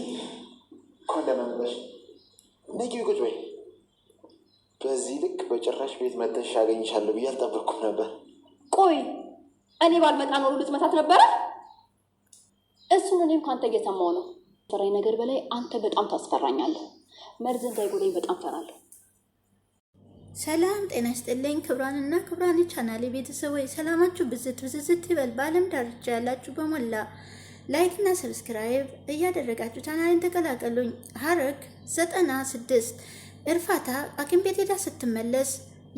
እንኳን ለመምረሽ ነቂ ቁጭ በይ። በዚህ ልክ በጭራሽ ቤት መተሽ አገኝሻለሁ ብዬ አልጠበቅኩም ነበር። ቆይ እኔ ባልመጣ ኖሮ ልትመታት ነበረ? እሱን እኔም ከአንተ እየሰማው ነው። ፈራኝ ነገር በላይ አንተ በጣም ታስፈራኛለህ። መርዝ እንዳይጎዳኝ በጣም ፈራለሁ። ሰላም ጤና ይስጥልኝ። ክብራንና ክብራን ቻናል ቤተሰቦች ሰላማችሁ ብዝት ብዝዝት ይበል። በአለም ዳርቻ ያላችሁ በሞላ ላይክ እና ሰብስክራይብ እያደረጋችሁ ቻናሌን ተቀላቀሉኝ። ሀረግ ዘጠና ስድስት እርፋታ ሐኪም ቤት ሄዳ ስትመለስ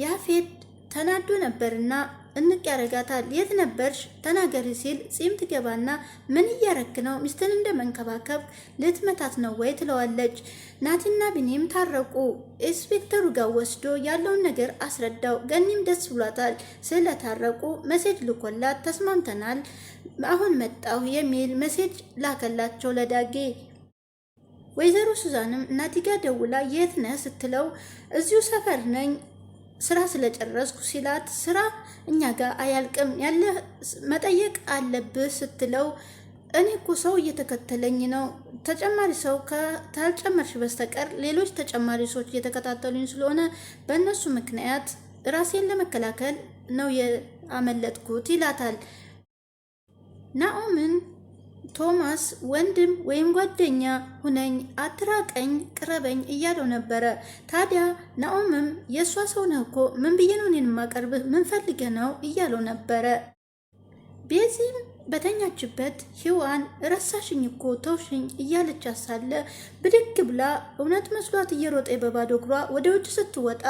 ያፌት ተናዶ ነበርና እንቅ ያደርጋታል። የት ነበርሽ ተናገሪ ሲል ፂም ትገባና ምን እያረክ ነው? ሚስትን እንደ መንከባከብ ልትመታት ነው ወይ ትለዋለች። ናቲና ቢኒም ታረቁ። ኢንስፔክተሩ ጋር ወስዶ ያለውን ነገር አስረዳው። ገኒም ደስ ብሏታል ስለታረቁ። መሴጅ ልኮላት ተስማምተናል አሁን መጣሁ የሚል መሴጅ ላከላቸው ለዳጌ። ወይዘሮ ሱዛንም ናቲጋ ጋ ደውላ የት ነህ ስትለው እዚሁ ሰፈር ነኝ ስራ ስለጨረስኩ ሲላት ስራ እኛ ጋር አያልቅም ያለ መጠየቅ አለብህ ስትለው እኔ እኮ ሰው እየተከተለኝ ነው። ተጨማሪ ሰው ካልጨመርሽ በስተቀር ሌሎች ተጨማሪ ሰዎች እየተከታተሉኝ ስለሆነ በእነሱ ምክንያት ራሴን ለመከላከል ነው የአመለጥኩት ይላታል ናኦምን ቶማስ ወንድም ወይም ጓደኛ ሁነኝ፣ አትራቀኝ፣ ቅረበኝ እያለው ነበረ። ታዲያ ናኦምም የእሷ ሰው ነህ እኮ ምን ብዬ ነው እኔን የማቀርብህ? ምን ፈልገህ ነው እያለው ነበረ። ቤዚም በተኛችበት ሂዋን ረሳሽኝ እኮ ተውሽኝ እያለች ሳለ ብድግ ብላ እውነት መስሏት እየሮጠ በባዶ እግሯ ወደ ውጭ ስትወጣ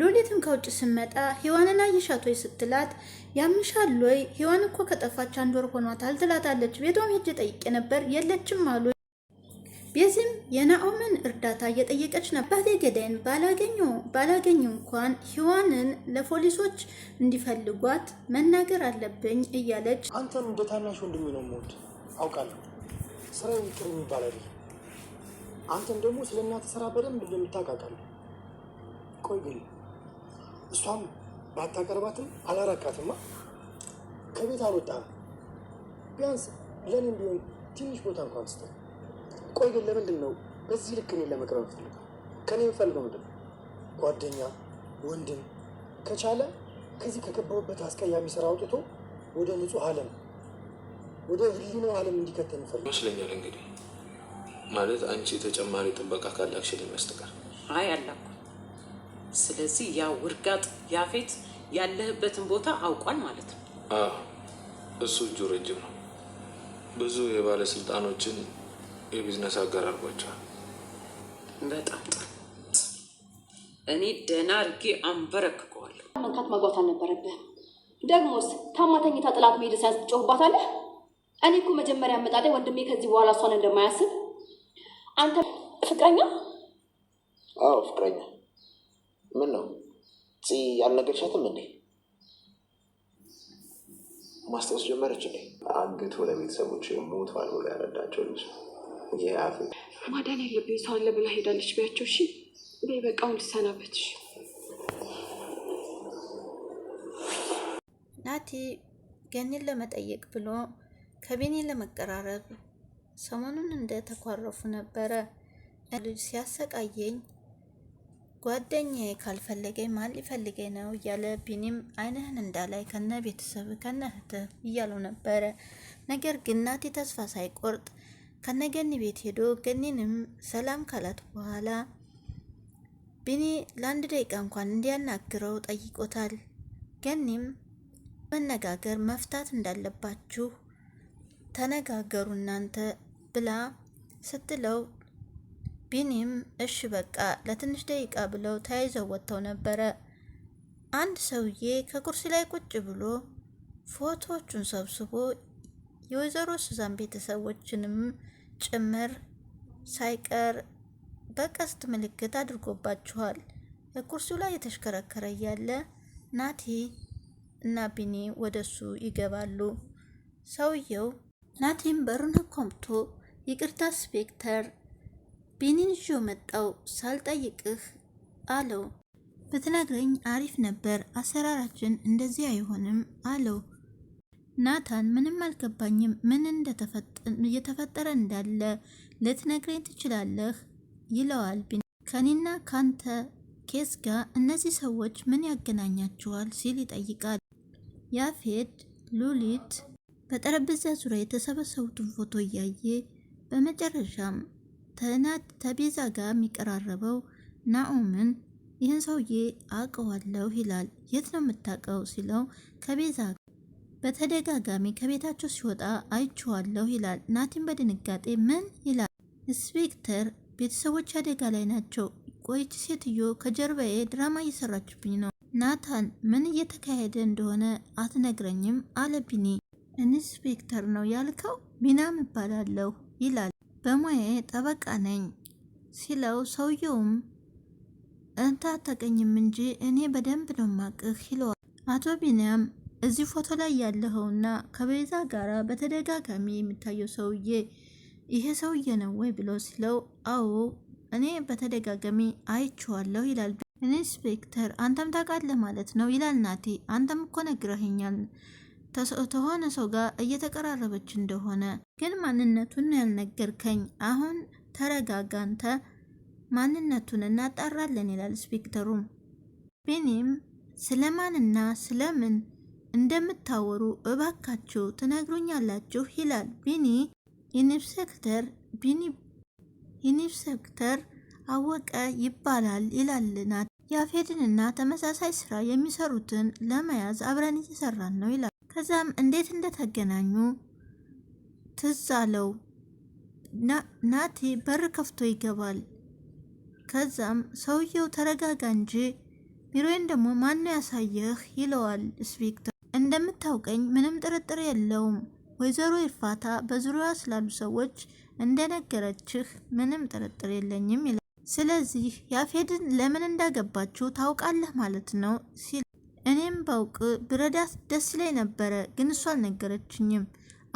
ሎሌትም ከውጭ ስመጣ ሂዋንን አየሻት ወይ ስትላት ያምሻል ወይ? ሔዋን እኮ ከጠፋች አንድ ወር ሆኗታል ትላታለች። ቤቷም ሄጄ ጠይቄ ነበር የለችም አሉ። ቤዚም የናኦምን እርዳታ እየጠየቀች ነበር። አባቴ ገዳይን ባላገኙ ባላገኝ እንኳን ሔዋንን ለፖሊሶች እንዲፈልጓት መናገር አለብኝ እያለች አንተን እንደ ታናሽ ወንድሜ ነው የምወድ አውቃለሁ። ስራ ጥሩ የሚባል አይደለም። አንተን ደግሞ ስለ እናትህ ስራ በደንብ እንደምታውቅ አውቃለሁ። ቆይ ግን እሷም ባታቀርባትም አላራቃትማ። ከቤት አልወጣም። ቢያንስ ለእኔም ቢሆን ትንሽ ቦታ እንኳን ስጠ። ቆይ ግን ለምንድን ነው በዚህ ልክ እኔን ለመቅረብ ፈልገ? ከኔ የምፈልገው ምንድን ነው? ጓደኛ፣ ወንድም፣ ከቻለ ከዚህ ከገባሁበት አስቀያሚ ስራ አውጥቶ ወደ ንጹህ ዓለም ወደ ህሊናው ዓለም እንዲከተል እንፈልግ ይመስለኛል። እንግዲህ ማለት አንቺ ተጨማሪ ጥበቃ ካላክሽል ይመስልቃል። አይ አላኩ። ስለዚህ ያ ውርጋጥ ያፌት ያለህበትን ቦታ አውቋል ማለት ነው። እሱ እጁ ረጅም ነው። ብዙ የባለስልጣኖችን የቢዝነስ አጋር አድርጓቸዋል። በጣም ጥሩ። እኔ ደህና አድርጌ አንበረክከዋለሁ። መንካት መግባት አልነበረብህም። ደግሞስ ታማተኝታ ጥላት መሄድ ሲያስጮህባታለህ። እኔ እኮ መጀመሪያ አመጣጤ ወንድሜ ከዚህ በኋላ እሷን እንደማያስብ አንተ ፍቅረኛ? አዎ ፍቅረኛ። ምን ነው ጽ አልነገርሻትም እንዴ? ማስታወስ ጀመረች እንዴ? አግቶ ለቤተሰቦች ሞት ባል ብሎ ያረዳቸው ልጅ ይህ ማዳን ያለብኝ ሰው አለ ብላ ሄዳለች ቢያቸው። እሺ በይ በቃውን ልሰናበትሽ። ናቲ ገኒን ለመጠየቅ ብሎ ከቤኒ ለመቀራረብ ሰሞኑን እንደ ተኳረፉ ነበረ። ልጅ ሲያሰቃየኝ ጓደኛዬ ካልፈለገኝ ማን ሊፈልገ ነው እያለ ቢኒም አይንህን እንዳላይ ከነ ቤተሰብ ከነ እህትህ እያለው ነበረ። ነገር ግን ናቲ ተስፋ ሳይቆርጥ ከነገኒ ቤት ሄዶ ገኒንም ሰላም ካላት በኋላ ቢኒ ለአንድ ደቂቃ እንኳን እንዲያናግረው ጠይቆታል። ገኒም መነጋገር መፍታት እንዳለባችሁ ተነጋገሩ እናንተ ብላ ስትለው ቢኒም እሺ በቃ ለትንሽ ደቂቃ ብለው ተያይዘው ወጥተው ነበረ። አንድ ሰውዬ ከኩርሲ ላይ ቁጭ ብሎ ፎቶዎቹን ሰብስቦ የወይዘሮ ስዛን ቤተሰቦችንም ጭምር ሳይቀር በቀስት ምልክት አድርጎባቸዋል። ከኩርሲው ላይ የተሽከረከረ እያለ ናቲ እና ቢኒ ወደሱ ይገባሉ። ሰውየው ናቲም በሩን ኮምቶ ይቅርታ ስፔክተር ቤኒን ይዤ መጣው ሳልጠይቅህ አለው። በተናግረኝ አሪፍ ነበር አሰራራችን እንደዚህ አይሆንም አለው። ናታን ምንም አልገባኝም፣ ምን እየተፈጠረ እንዳለ ልትነግረኝ ትችላለህ? ይለዋል ቢኒ። ከኔና ካንተ ኬስ ጋር እነዚህ ሰዎች ምን ያገናኛቸዋል? ሲል ይጠይቃል። ያፌድ ሉሊት በጠረጴዛ ዙሪያ የተሰበሰቡትን ፎቶ እያየ በመጨረሻም ተናት ተቤዛ ጋር የሚቀራረበው ናኦምን ይህን ሰውዬ አውቀዋለሁ ይላል። የት ነው የምታውቀው ሲለው ከቤዛ በተደጋጋሚ ከቤታቸው ሲወጣ አይችዋለሁ ይላል። ናቲም በድንጋጤ ምን ይላል። ኢንስፔክተር ቤተሰቦች አደጋ ላይ ናቸው። ቆይች ሴትዮ ከጀርባዬ ድራማ እየሰራችብኝ ነው። ናታን ምን እየተካሄደ እንደሆነ አትነግረኝም አለ ቢኒ። ኢንስፔክተር ነው ያልከው? ቢናም እባላለሁ ይላል። በሙዬ ጠበቃ ነኝ ሲለው ሰውየውም እንታ አታቀኝም እንጂ እኔ በደንብ ነው ማቅህ ይለዋል። አቶ ቢንያም እዚህ ፎቶ ላይ ያለኸውና ከቤዛ ጋር በተደጋጋሚ የሚታየው ሰውዬ ይሄ ሰውዬ ነው ወይ ብሎ ሲለው፣ አዎ እኔ በተደጋጋሚ አይቼዋለሁ ይላል። ኢንስፔክተር አንተም ታውቃለህ ማለት ነው ይላል ናቴ አንተም እኮ ነግረህኛል ከሆነ ሰው ጋር እየተቀራረበች እንደሆነ ግን ማንነቱን ያልነገርከኝ። አሁን ተረጋጋንተ ማንነቱን እናጣራለን ይላል ስፔክተሩም። ቢኒም ስለማንና ስለምን እንደምታወሩ እባካችሁ ትነግሩኛላችሁ ይላል ቢኒ። ኢንስፔክተር ቢኒ ኢንስፔክተር አወቀ ይባላል ይላልናት ያፌድንና ተመሳሳይ ስራ የሚሰሩትን ለመያዝ አብረን እየሰራን ነው ይላል። ከዛም እንዴት እንደተገናኙ ትዝ አለው። ናቲ በር ከፍቶ ይገባል። ከዛም ሰውየው ተረጋጋ እንጂ ቢሮዬን ደግሞ ማነው ያሳየህ ይለዋል። ኢንስፔክተር እንደምታውቀኝ ምንም ጥርጥር የለውም። ወይዘሮ ይርፋታ በዙሪያዋ ስላሉ ሰዎች እንደነገረችህ ምንም ጥርጥር የለኝም ይላል። ስለዚህ ያፌድን ለምን እንዳገባችሁ ታውቃለህ ማለት ነው ሲል እኔም ባውቅ ብረዳት ደስ ላይ ነበረ፣ ግን እሷ አልነገረችኝም።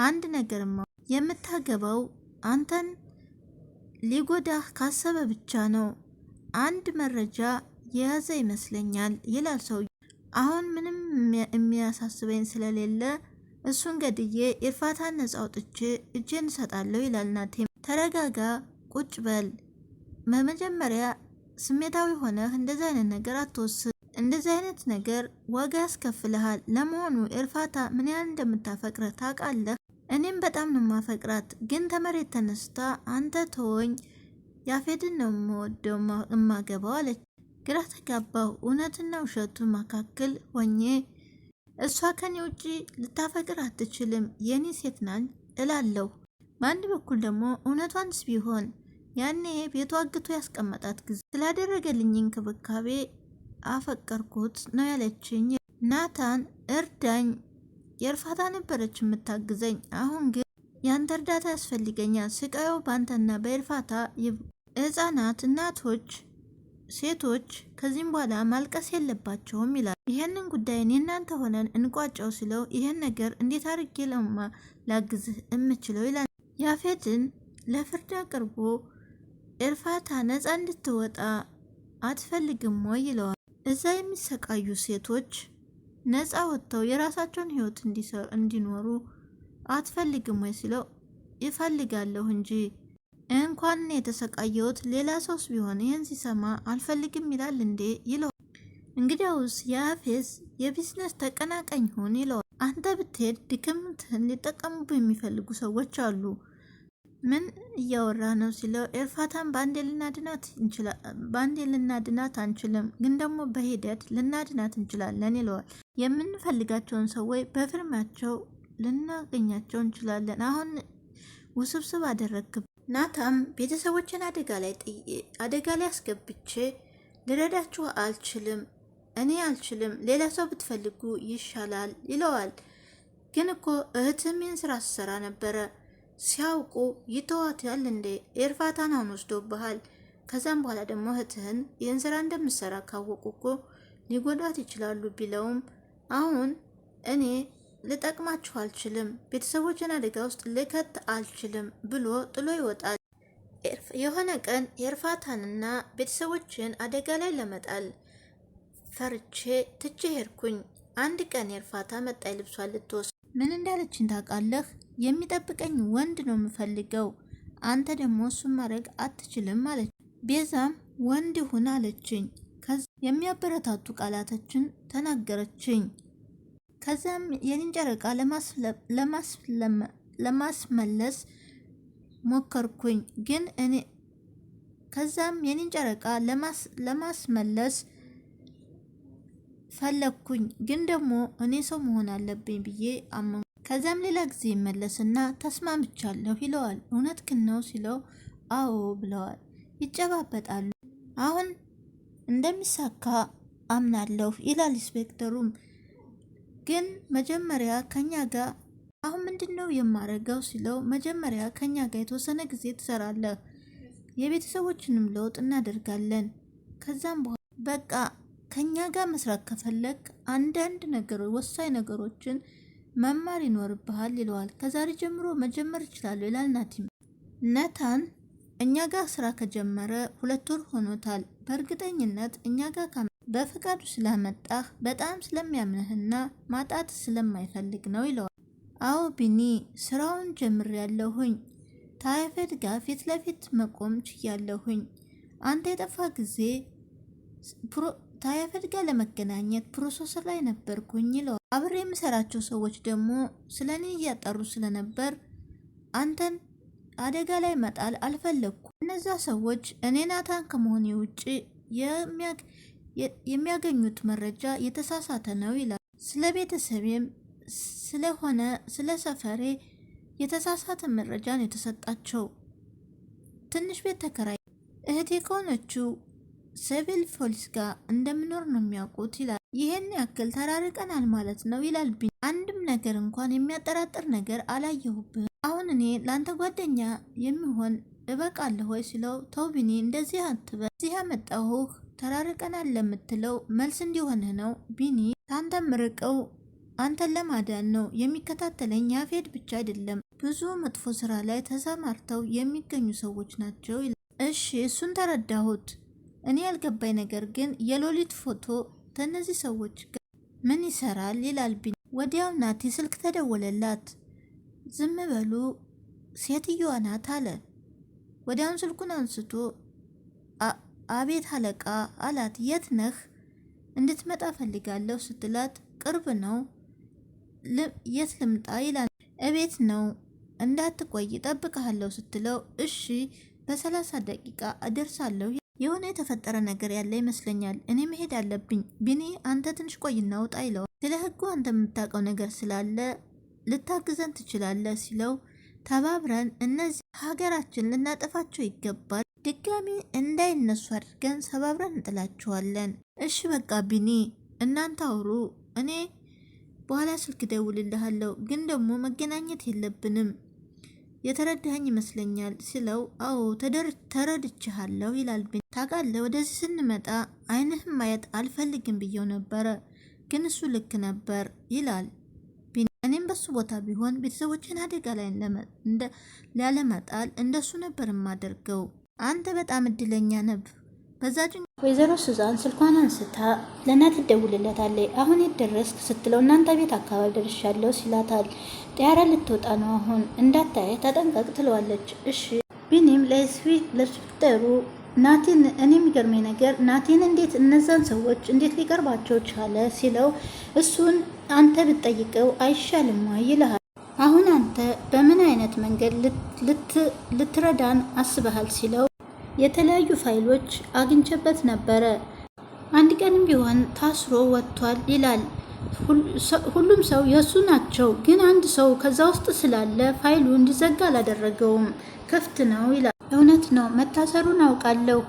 አንድ ነገርማ የምታገባው አንተን ሊጎዳህ ካሰበ ብቻ ነው። አንድ መረጃ የያዘ ይመስለኛል ይላል ሰው። አሁን ምንም የሚያሳስበኝ ስለሌለ እሱን ገድዬ የእርፋታን ነጻ አውጥቼ እጄን እሰጣለሁ ይላል ናቴም። ተረጋጋ፣ ቁጭ በል። በመጀመሪያ ስሜታዊ ሆነህ እንደዚህ አይነት ነገር አትወስን። እንደዚህ አይነት ነገር ዋጋ ያስከፍልሃል። ለመሆኑ እርፋታ ምን ያህል እንደምታፈቅረ ታውቃለህ? እኔም በጣም ነው ማፈቅራት፣ ግን ተመሬት ተነስታ አንተ ተወኝ፣ ያፌድን ነው የምወደው እማገባው አለች። ግራ ተጋባሁ። እውነትና ውሸቱ መካከል ሆኜ እሷ ከኔ ውጪ ልታፈቅር አትችልም፣ የኔ ሴት ናኝ እላለሁ። በአንድ በኩል ደግሞ እውነቷንስ ቢሆን ያኔ ቤቷ አግቶ ያስቀመጣት ጊዜ ስላደረገልኝ እንክብካቤ አፈቀርኩት ነው ያለችኝ። ናታን እርዳኝ፣ የእርፋታ ነበረች የምታግዘኝ። አሁን ግን ያንተ እርዳታ ያስፈልገኛል። ስቃዩ ባንተና በእርፋታ ህጻናት፣ እናቶች፣ ሴቶች ከዚህም በኋላ ማልቀስ የለባቸውም ይላል። ይህንን ጉዳይን የእናንተ ሆነን እንቋጫው ስለው ይህን ነገር እንዴት አድርጌ ለማ ላግዝህ የምችለው ይላል። ያፌትን ለፍርድ አቅርቦ እርፋታ ነፃ እንድትወጣ አትፈልግም ወይ ይለዋል። እዛ የሚሰቃዩ ሴቶች ነፃ ወጥተው የራሳቸውን ህይወት እንዲኖሩ አትፈልግም ወይ ሲለው ይፈልጋለሁ እንጂ እንኳን የተሰቃየውት የተሰቃየሁት ሌላ ሰውስ ቢሆን ይህን ሲሰማ አልፈልግም ይላል እንዴ ይለዋል። እንግዲያውስ የአፌስ የቢዝነስ ተቀናቃኝ ሁን ይለዋል። አንተ ብትሄድ ድክምትህን ሊጠቀሙብህ የሚፈልጉ ሰዎች አሉ። ምን እያወራ ነው ሲለው ኤርፋታን በአንዴ ልናድናት በአንዴ ልናድናት አንችልም፣ ግን ደግሞ በሂደት ልናድናት እንችላለን ይለዋል። የምንፈልጋቸውን ሰዎች በፊርማቸው ልናገኛቸው እንችላለን። አሁን ውስብስብ አደረግብ። ናታም ቤተሰቦችን አደጋ ላይ አደጋ ላይ አስገብቼ ልረዳችሁ አልችልም፣ እኔ አልችልም፣ ሌላ ሰው ብትፈልጉ ይሻላል ይለዋል። ግን እኮ እህትሜን ስራ ስሰራ ነበረ ሲያውቁ ይተዋታል እንዴ? ኤርፋታን አሁን ወስዶብሃል። ከዛም በኋላ ደግሞ እህትህን ይህን እንደምሰራ ካወቁ እኮ ሊጎዳት ይችላሉ ቢለውም አሁን እኔ ልጠቅማችሁ አልችልም፣ ቤተሰቦችን አደጋ ውስጥ ልከት አልችልም ብሎ ጥሎ ይወጣል። የሆነ ቀን ኤርፋታንና ቤተሰቦችን አደጋ ላይ ለመጣል ፈርቼ ትቼ ሄድኩኝ። አንድ ቀን የእርፋታ መጣይ ልብሷን ልትወስድ ምን እንዳለችን ታውቃለህ? የሚጠብቀኝ ወንድ ነው የምፈልገው። አንተ ደግሞ እሱን ማድረግ አትችልም አለች። ቤዛም ወንድ ሁን አለችኝ። የሚያበረታቱ ቃላቶችን ተናገረችኝ። ከዚያም የኔን ጨረቃ ለማስመለስ ሞከርኩኝ ግን እኔ ከዛም የኔን ጨረቃ ለማስመለስ ፈለግኩኝ ግን ደግሞ እኔ ሰው መሆን አለብኝ ብዬ አመ ከዚያም ሌላ ጊዜ ይመለስና ተስማምቻለሁ ይለዋል። እውነት ክነው ሲለው አዎ ብለዋል። ይጨባበጣሉ። አሁን እንደሚሳካ አምናለሁ ይላል ኢንስፔክተሩም። ግን መጀመሪያ ከኛ ጋር አሁን ምንድን ነው የማረገው ሲለው መጀመሪያ ከኛ ጋር የተወሰነ ጊዜ ትሰራለህ፣ የቤተሰቦችንም ለውጥ እናደርጋለን። ከዛም በኋላ በቃ ከኛ ጋር መስራት ከፈለግ አንዳንድ ነገሮች ወሳኝ ነገሮችን መማር ይኖርብሃል ይለዋል። ከዛሬ ጀምሮ መጀመር ይችላለሁ ይላል ናቲም። ነታን እኛ ጋር ስራ ከጀመረ ሁለት ወር ሆኖታል። በእርግጠኝነት እኛ ጋር በፈቃዱ ስለመጣህ በጣም ስለሚያምንህና ማጣት ስለማይፈልግ ነው ይለዋል። አዎ ቢኒ ስራውን ጀምር ያለሁኝ ታይፈድ ጋር ፊት ለፊት መቆም ችያለሁኝ። አንተ የጠፋ ጊዜ ከታያፈድ ጋር ለመገናኘት ፕሮሰሰር ላይ ነበርኩኝ ይለዋል። አብሬ የምሰራቸው ሰዎች ደግሞ ስለ እኔ እያጠሩ ስለነበር አንተን አደጋ ላይ መጣል አልፈለግኩ። እነዛ ሰዎች እኔ ናታን ከመሆኔ ውጭ የሚያገኙት መረጃ የተሳሳተ ነው ይላል። ስለ ቤተሰቤም ስለሆነ ስለ ሰፈሬ የተሳሳተ መረጃ ነው የተሰጣቸው። ትንሽ ቤት ተከራይ እህቴ ከሆነችው ሲቪል ፖሊስ ጋር እንደምኖር ነው የሚያውቁት ይላል። ይህን ያክል ተራርቀናል ማለት ነው ይላል። ቢኒ አንድም ነገር እንኳን የሚያጠራጥር ነገር አላየሁብህ። አሁን እኔ ለአንተ ጓደኛ የሚሆን እበቃለሁ ወይ ሲለው፣ ተው ቢኒ እንደዚህ አትበ እዚህ ያመጣሁህ ተራርቀናል ለምትለው መልስ እንዲሆንህ ነው ቢኒ። ከአንተም ርቀው አንተን ለማዳን ነው የሚከታተለኝ ያፌድ ብቻ አይደለም፣ ብዙ መጥፎ ስራ ላይ ተሰማርተው የሚገኙ ሰዎች ናቸው ይላል። እሺ እሱን ተረዳሁት። እኔ ያልገባኝ ነገር ግን የሎሊት ፎቶ ከእነዚህ ሰዎች ጋር ምን ይሰራል ይላል ቢኒ። ወዲያው ናቲ ስልክ ተደወለላት። ዝም በሉ ሴትዮዋ ናት አለ። ወዲያውን ስልኩን አንስቶ አቤት አለቃ አላት። የት ነህ? እንድትመጣ ፈልጋለሁ ስትላት ቅርብ ነው የት ልምጣ ይላል። እቤት ነው እንዳትቆይ ጠብቀሃለሁ ስትለው እሺ በሰላሳ ደቂቃ እደርሳለሁ የሆነ የተፈጠረ ነገር ያለ ይመስለኛል። እኔ መሄድ አለብኝ። ቢኒ አንተ ትንሽ ቆይና ውጣ ይለዋል። ስለ ህጉ አንተ የምታውቀው ነገር ስላለ ልታግዘን ትችላለህ ሲለው ተባብረን እነዚህ ሀገራችን ልናጠፋቸው ይገባል። ድጋሚ እንዳይነሱ አድርገን ሰባብረን እንጥላቸዋለን። እሺ በቃ ቢኒ እናንተ አውሩ፣ እኔ በኋላ ስልክ ደውልልሃለሁ። ግን ደግሞ መገናኘት የለብንም የተረዳኸኝ ይመስለኛል ሲለው፣ አዎ ተረድችሃለሁ ይላል። ታውቃለህ፣ ወደዚህ ስንመጣ አይንህም ማየት አልፈልግም ብየው ነበረ፣ ግን እሱ ልክ ነበር ይላል። እኔም በሱ ቦታ ቢሆን ቤተሰቦችን አደጋ ላይ ላለመጣል እንደሱ ነበር የማደርገው። አንተ በጣም እድለኛ ነብ ወይዘሮ ሱዛን ስልኳን አንስታ ለእናት ትደውልለታለች። አሁን የደረስክ ስትለው እናንተ ቤት አካባቢ ደርሻለሁ ሲላታል። ጥያራ ልትወጣ ነው አሁን እንዳታየ ተጠንቀቅ ትለዋለች። እሺ ቢኒም ለሱጠሩ ናቲን እኔ የሚገርመኝ ነገር ናቲን እንዴት እነዛን ሰዎች እንዴት ሊቀርባቸው ቻለ ሲለው እሱን አንተ ብትጠይቀው አይሻልም ወይ ይልሃል። አሁን አንተ በምን አይነት መንገድ ልትረዳን አስበሃል ሲለው የተለያዩ ፋይሎች አግኝቼበት ነበረ። አንድ ቀንም ቢሆን ታስሮ ወጥቷል ይላል። ሁሉም ሰው የእሱ ናቸው፣ ግን አንድ ሰው ከዛ ውስጥ ስላለ ፋይሉ እንዲዘጋ አላደረገውም፣ ክፍት ነው ይላል። እውነት ነው፣ መታሰሩን አውቃለሁ፣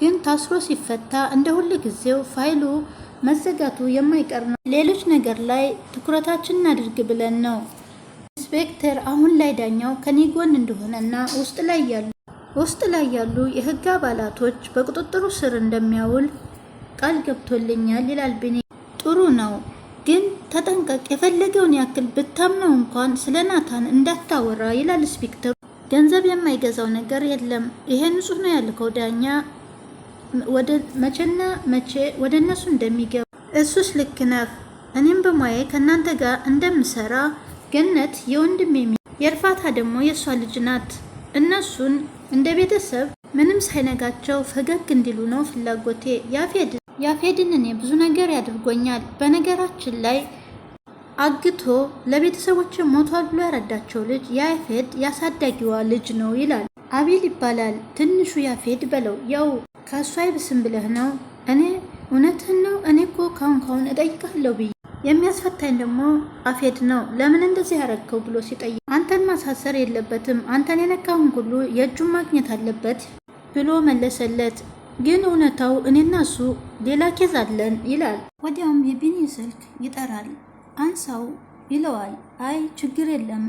ግን ታስሮ ሲፈታ እንደ ሁል ጊዜው ፋይሉ መዘጋቱ የማይቀር ነው። ሌሎች ነገር ላይ ትኩረታችንን አድርግ ብለን ነው። ኢንስፔክተር አሁን ላይ ዳኛው ከኔ ጎን እንደሆነና ውስጥ ላይ ያሉ ውስጥ ላይ ያሉ የህግ አባላቶች በቁጥጥሩ ስር እንደሚያውል ቃል ገብቶልኛል ይላል ቢኒ። ጥሩ ነው ግን ተጠንቀቅ፣ የፈለገውን ያክል ብታምነው እንኳን ስለ ናታን እንዳታወራ ይላል ስፒክተሩ። ገንዘብ የማይገዛው ነገር የለም። ይሄ ንጹህ ነው ያልከው ዳኛ ወደ መቼና መቼ ወደ እነሱ እንደሚገባ እሱስ ልክ ነህ። እኔም በሙያዬ ከእናንተ ጋር እንደምሰራ ገነት የወንድም የሚ የእርፋታ ደግሞ የእሷ ልጅ ናት። እነሱን እንደ ቤተሰብ ምንም ሳይነጋቸው ፈገግ እንዲሉ ነው ፍላጎቴ። ያፌድን እኔ ብዙ ነገር ያድርጎኛል። በነገራችን ላይ አግቶ ለቤተሰቦች ሞቷል ብሎ ያረዳቸው ልጅ ያፌድ ያሳዳጊዋ ልጅ ነው ይላል። አቢል ይባላል። ትንሹ ያፌድ በለው። ያው ከእሱ አይብስም ብለህ ነው። እኔ እውነትህን ነው። እኔ እኮ ካሁን ካሁን እጠይቃለሁ ብዬ የሚያስፈታኝ ደግሞ አፌድ ነው። ለምን እንደዚህ ያረከው ብሎ ሲጠይቅ አንተን ማሳሰር የለበትም አንተን የነካሁን ሁሉ የእጁን ማግኘት አለበት ብሎ መለሰለት። ግን እውነታው እኔና እሱ ሌላ ኬዝ አለን ይላል። ወዲያውም የቢኒ ስልክ ይጠራል። አንሳው ይለዋል። አይ ችግር የለም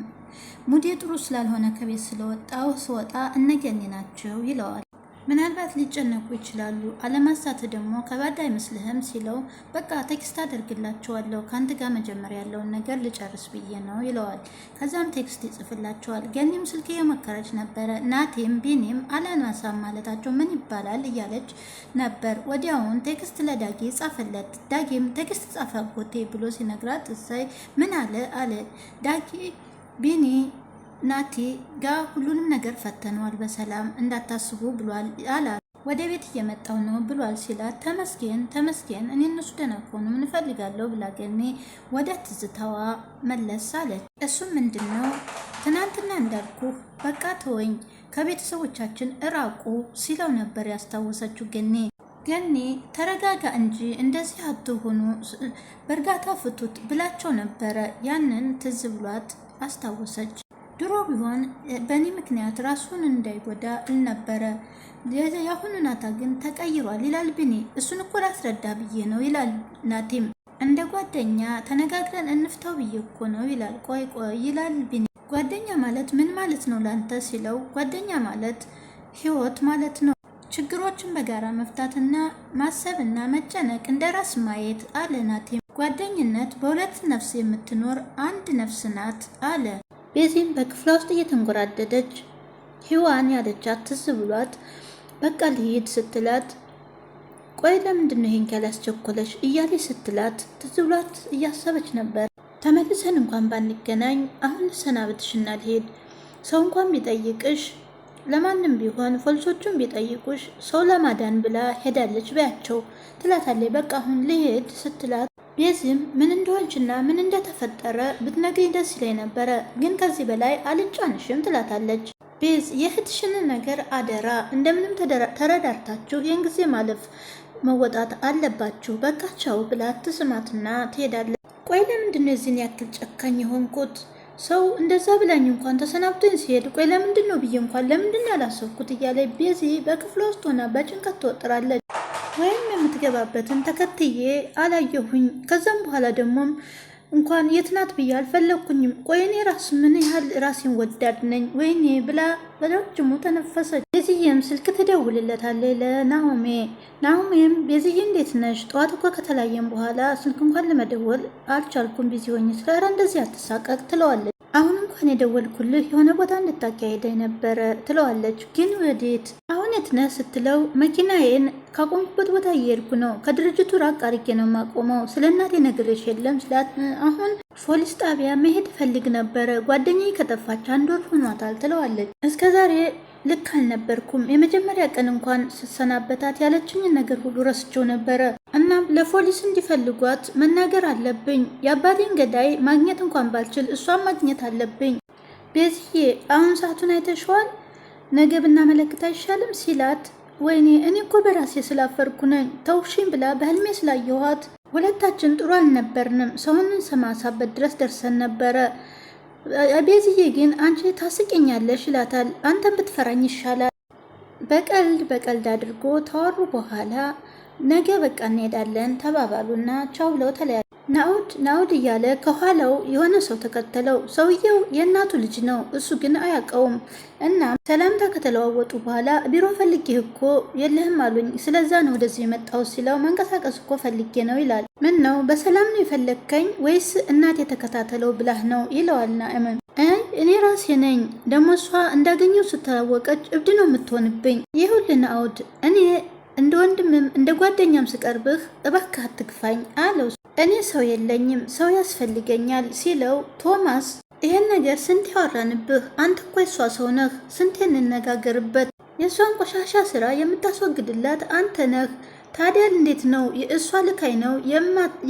ሙዴ ጥሩ ስላልሆነ ከቤት ስለወጣው ስወጣ እነገኔ ናቸው ይለዋል። ምናልባት ሊጨነቁ ይችላሉ። አለማሳት ደግሞ ከባድ አይመስልህም ሲለው በቃ ቴክስት አደርግላቸዋለሁ ከአንድ ጋር መጀመር ያለውን ነገር ልጨርስ ብዬ ነው ይለዋል። ከዛም ቴክስት ይጽፍላቸዋል። ገኒም ስልክ የሞከረች ነበረ። ናቴም ቢኒም አለማሳት ማለታቸው ምን ይባላል እያለች ነበር። ወዲያውን ቴክስት ለዳጌ ጻፈለት። ዳጌም ቴክስት ጻፈ ጎቴ ብሎ ሲነግራት እሰይ ምን አለ አለ ዳጌ ቢኒ ናቴ ጋ ሁሉንም ነገር ፈተነዋል፣ በሰላም እንዳታስቡ ብሏል አላት። ወደ ቤት እየመጣው ነው ብሏል ሲላት፣ ተመስገን ተመስገን፣ እኔ እነሱ ደህና ከሆኑ ምን እፈልጋለሁ ብላ ገኔ ወደ ትዝታዋ መለስ አለች። እሱም ምንድን ነው ትናንትና እንዳልኩ በቃ ተወኝ፣ ከቤተሰቦቻችን እራቁ ሲለው ነበር ያስታወሰችው ገኔ ገኔ ተረጋጋ እንጂ እንደዚህ አትሆኑ፣ በእርጋታ ፍቱት ብላቸው ነበረ። ያንን ትዝ ብሏት አስታወሰች። ድሮ ቢሆን በእኔ ምክንያት ራሱን እንዳይጎዳ አልነበረ የአሁኑ ናታ ግን ተቀይሯል ይላል ብኔ። እሱን እኮ ላስረዳ ብዬ ነው ይላል ናቴም። እንደ ጓደኛ ተነጋግረን እንፍታው ብዬ እኮ ነው ይላል። ቆይ ቆይ ይላል ብኔ። ጓደኛ ማለት ምን ማለት ነው ላንተ ሲለው፣ ጓደኛ ማለት ህይወት ማለት ነው። ችግሮችን በጋራ መፍታትና ማሰብና መጨነቅ እንደ ራስ ማየት አለ ናቴም። ጓደኝነት በሁለት ነፍስ የምትኖር አንድ ነፍስ ናት አለ ቤዚም በክፍሏ ውስጥ እየተንጎራደደች ሂዋን ያለቻት ትዝ ብሏት በቃ ልሂድ ስትላት ቆይ ለምንድን ነው ይሄን ያስቸኮለሽ እያሌ ስትላት ትዝ ብሏት እያሰበች ነበር። ተመልሰን እንኳን ባንገናኝ አሁን ልሰናብትሽ ልሄድ። ሰው እንኳን ቢጠይቅሽ ለማንም ቢሆን ፖሊሶቹን ቢጠይቁሽ ሰው ለማዳን ብላ ሄዳለች በያቸው ትላታለች። በቃ አሁን ልሄድ ስትላት ቤዚም ምን እንደሆንችና ምን እንደተፈጠረ ብትነግሪኝ ደስ ይለኝ ነበረ፣ ግን ከዚህ በላይ አልጫንሽም ትላታለች። ቤዝ የእህትሽንን ነገር አደራ እንደምንም ተረዳርታችሁ ይህን ጊዜ ማለፍ መወጣት አለባችሁ፣ በቃቸው ብላት ትስማትና ትሄዳለች። ቆይ ለምንድን ነው የዚህን ያክል ጨካኝ የሆንኩት? ሰው እንደዛ ብላኝ እንኳን ተሰናብቶኝ ሲሄድ ቆይ ለምንድን ነው ብዬ እንኳን ለምንድን ነው ያላሰብኩት? እያለ ቤዚ በክፍሏ ውስጥ ሆና በጭንቀት ትወጥራለች ወይም የማልገባበትን ተከትዬ አላየሁኝ። ከዛም በኋላ ደግሞም እንኳን የትናት ብዬ አልፈለግኩኝም። ቆይኔ ራሱ ምን ያህል ራሴን ወዳድ ነኝ ወይኔ ብላ በረጅሙ ተነፈሰች። ቤዝዬም ስልክ ትደውልለታለች ለናሆሜ። ናሆሜም ቤዝዬ እንዴት ነሽ? ጠዋት እኮ ከተለያየም በኋላ ስልክ እንኳን ለመደወል አልቻልኩም ቢዚ ሆኜ ስለ ኧረ እንደዚህ አትሳቀቅ ትለዋለች። አሁን እንኳን የደወልኩልህ የሆነ ቦታ እንድታካሄደኝ ነበረ ትለዋለች። ግን ወዴት አሁን የት ነህ ስትለው መኪናዬን ካቆምኩበት ቦታ እየሄድኩ ነው። ከድርጅቱ ራቅ አርጌ ነው የማቆመው። ስለ እናቴ ነግሬሽ የለም ስላት፣ አሁን ፖሊስ ጣቢያ መሄድ እፈልግ ነበረ ጓደኛዬ ከጠፋች አንድ ወር ሆኗታል ትለዋለች። እስከ ዛሬ ልክ አልነበርኩም። የመጀመሪያ ቀን እንኳን ስሰናበታት ያለችኝን ነገር ሁሉ ረስቼው ነበረ። እናም ለፖሊስ እንዲፈልጓት መናገር አለብኝ። የአባቴን ገዳይ ማግኘት እንኳን ባልችል እሷን ማግኘት አለብኝ። ቤዝዬ አሁን ሰዓቱን አይተሸዋል፣ ነገ ብናመለክት አይሻልም ሲላት፣ ወይኔ እኔ እኮ በራሴ ስላፈርኩ ነኝ ተውሽኝ ብላ በህልሜ ስላየኋት ሁለታችን ጥሩ አልነበርንም። ሰውን ሰማሳበት ድረስ ደርሰን ነበረ። ቤዝዬ ግን አንቺ ታስቂኛለሽ ይላታል። አንተን ብትፈራኝ ይሻላል። በቀልድ በቀልድ አድርጎ ተዋሩ። በኋላ ነገ በቃ እንሄዳለን ተባባሉና ቻው ብለው ተለያዩ። ናኡድ ናኡድ እያለ ከኋላው የሆነ ሰው ተከተለው። ሰውየው የእናቱ ልጅ ነው፣ እሱ ግን አያውቀውም። እናም ሰላምታ ከተለዋወጡ በኋላ ቢሮ ፈልጌህ እኮ የለህም አሉኝ፣ ስለዛ ነው ወደዚህ የመጣው ሲለው መንቀሳቀስ እኮ ፈልጌ ነው ይላል። ምን ነው በሰላም ነው የፈለግከኝ ወይስ እናት የተከታተለው ብላህ ነው ይለዋል ናእምን። እኔ ራሴ ነኝ ደግሞ እሷ እንዳገኘው ስታወቀች እብድ ነው የምትሆንብኝ። ይሁል ናኡድ እኔ እንደ ወንድምም እንደ ጓደኛም ስቀርብህ እባክህ አትግፋኝ አለው። እኔ ሰው የለኝም ሰው ያስፈልገኛል ሲለው ቶማስ ይህን ነገር ስንት ያወራንብህ፣ አንተ እኮ የሷ ሰው ነህ፣ ስንት እንነጋገርበት። የእሷን ቆሻሻ ስራ የምታስወግድላት አንተ ነህ። ታዲያ እንዴት ነው የእሷ ልካይ ነው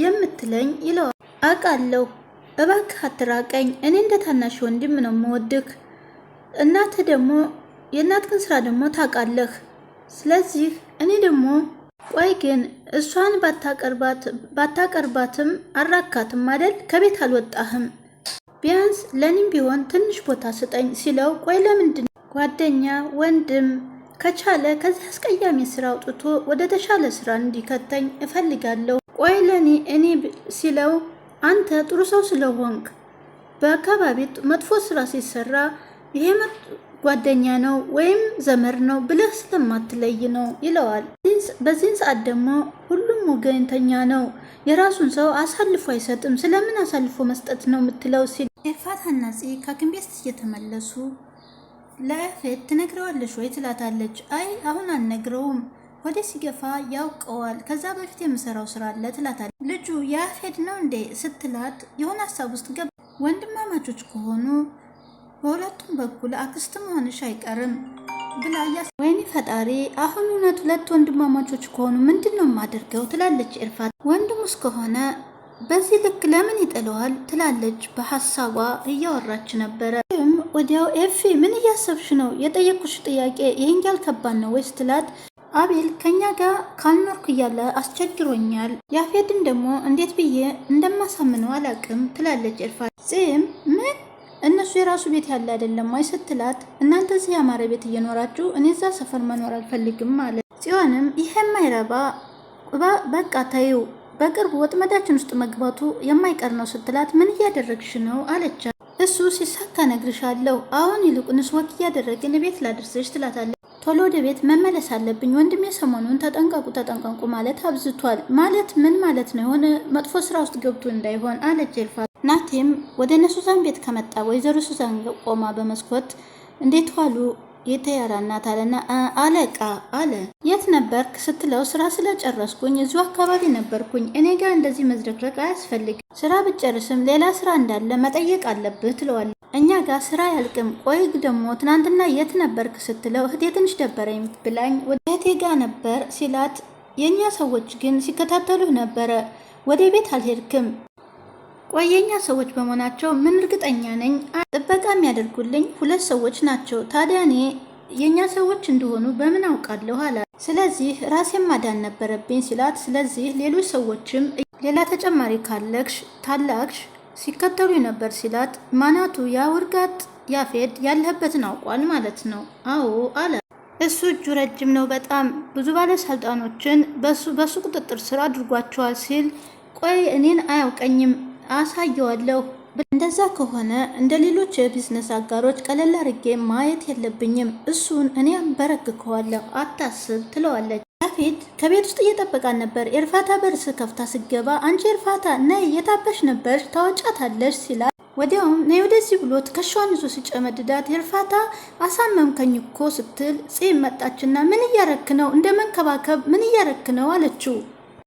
የምትለኝ? ይለዋል። አውቃለሁ፣ እባክህ አትራቀኝ፣ እኔ እንደ ታናሽ ወንድም ነው የምወድህ። እናትህ ደግሞ የእናትህን ስራ ደግሞ ታውቃለህ። ስለዚህ እኔ ደግሞ ቆይ ግን እሷን ባታቀርባትም አራካትም አደል? ከቤት አልወጣህም? ቢያንስ ለኒም ቢሆን ትንሽ ቦታ ስጠኝ ሲለው፣ ቆይ ለምንድን ጓደኛ ወንድም ከቻለ ከዚህ አስቀያሚ ስራ አውጥቶ ወደ ተሻለ ስራ እንዲከተኝ እፈልጋለሁ። ቆይ ለኔ እኔ ሲለው፣ አንተ ጥሩ ሰው ስለሆንክ በአካባቢ መጥፎ ስራ ሲሰራ ይሄ ጓደኛ ነው ወይም ዘመድ ነው ብለህ ስለማትለይ ነው ይለዋል። በዚህን ሰዓት ደግሞ ሁሉም ወገንተኛ ነው፣ የራሱን ሰው አሳልፎ አይሰጥም። ስለምን አሳልፎ መስጠት ነው የምትለው ሲል ኤርፋታና ፄ ከሐኪም ቤት እየተመለሱ ለያፌት ትነግረዋለች ወይ ትላታለች። አይ አሁን አልነግረውም፣ ወደ ሲገፋ ያውቀዋል። ከዛ በፊት የምሰራው ስራ አለ ትላታለች። ልጁ ያፌት ነው እንዴ ስትላት የሆነ ሀሳብ ውስጥ ገባ። ወንድማማቾች ከሆኑ በሁለቱም በኩል አክስትም መሆንሽ አይቀርም ብላ ወይኔ ፈጣሪ፣ አሁን እውነት ሁለት ወንድማማቾች ከሆኑ ምንድን ነው የማደርገው ትላለች ኤርፋት። ወንድሙስ ከሆነ በዚህ ልክ ለምን ይጥለዋል ትላለች። በሀሳቧ እያወራች ነበረ። ወዲያው ኤፊ ምን እያሰብሽ ነው? የጠየቅኩሽ ጥያቄ ይህን ያህል ከባድ ነው ወይስ ትላት አቤል ከኛ ጋር ካልኖርኩ እያለ አስቸግሮኛል። ያፌድን ደግሞ እንዴት ብዬ እንደማሳምነው አላቅም ትላለች እርፋት ጽም ምን እነሱ የራሱ ቤት ያለ አይደለም ወይ ስትላት፣ እናንተ እዚህ ያማረ ቤት እየኖራችሁ እኔ እዛ ሰፈር መኖር አልፈልግም ማለት ጽዮንም ይህ የማይረባ በቃ ተይው፣ በቅርቡ ወጥመዳችን ውስጥ መግባቱ የማይቀር ነው ስትላት፣ ምን እያደረግሽ ነው አለቻ። እሱ ሲሳካ ነግርሻለሁ፣ አሁን ይልቁንስ ወክ እያደረግን ቤት ላድርስሽ ትላታለች። ቶሎ ወደ ቤት መመለስ አለብኝ ወንድሜ፣ ሰሞኑን ተጠንቀቁ ተጠንቀቁ ማለት አብዝቷል። ማለት ምን ማለት ነው? የሆነ መጥፎ ስራ ውስጥ ገብቶ እንዳይሆን አለች ኤልፋዝ። ናቴም ወደ እነ ሱዛን ቤት ከመጣ ወይዘሮ ሱዛን ቆማ በመስኮት እንዴት ዋሉ የተያራ እናት አለና አለቃ አለ የት ነበርክ ስትለው ስራ ስለጨረስኩኝ እዚሁ አካባቢ ነበርኩኝ እኔ ጋር እንደዚህ መዝረክረቅ አያስፈልግም ስራ ብጨርስም ሌላ ስራ እንዳለ መጠየቅ አለብህ ትለዋለ እኛ ጋር ስራ ያልቅም ቆይ ደግሞ ትናንትና የት ነበርክ ስትለው እህቴ ትንሽ ደበረኝ ብላኝ ወደ እህቴ ጋር ነበር ሲላት የእኛ ሰዎች ግን ሲከታተሉህ ነበረ ወደ ቤት አልሄድክም ቆየኛ ሰዎች በመሆናቸው ምን እርግጠኛ ነኝ። ጥበቃ የሚያደርጉልኝ ሁለት ሰዎች ናቸው። ታዲያ እኔ የእኛ ሰዎች እንደሆኑ በምን አውቃለሁ አላ ስለዚህ ራሴን ማዳን ነበረብኝ ሲላት፣ ስለዚህ ሌሎች ሰዎችም ሌላ ተጨማሪ ካለክሽ ታላክሽ ሲከተሉ ነበር ሲላት፣ ማናቱ የአውርጋጥ ያፌድ ያለህበትን አውቋል ማለት ነው። አዎ አለ። እሱ እጁ ረጅም ነው በጣም ብዙ ባለስልጣኖችን በሱ ቁጥጥር ስር አድርጓቸዋል ሲል ቆይ እኔን አያውቀኝም አሳየዋለሁ። እንደዛ ከሆነ እንደ ሌሎች የቢዝነስ አጋሮች ቀለል አርጌ ማየት የለብኝም። እሱን እኔ አንበረክከዋለሁ፣ አታስብ ትለዋለች። ያፌት ከቤት ውስጥ እየጠበቃን ነበር። የእርፋታ በርስ ከፍታ ስገባ አንቺ እርፋታ ነይ የታበሽ ነበርሽ ታወጫታለሽ ሲላል ወዲያውም ነይ ወደዚህ ብሎት ከሻዋን ይዞ ሲጨመድዳት የእርፋታ አሳመምከኝ እኮ ስትል ጽ መጣችና ምን እያረክ ነው? እንደ መንከባከብ ምን እያረክ ነው አለችው።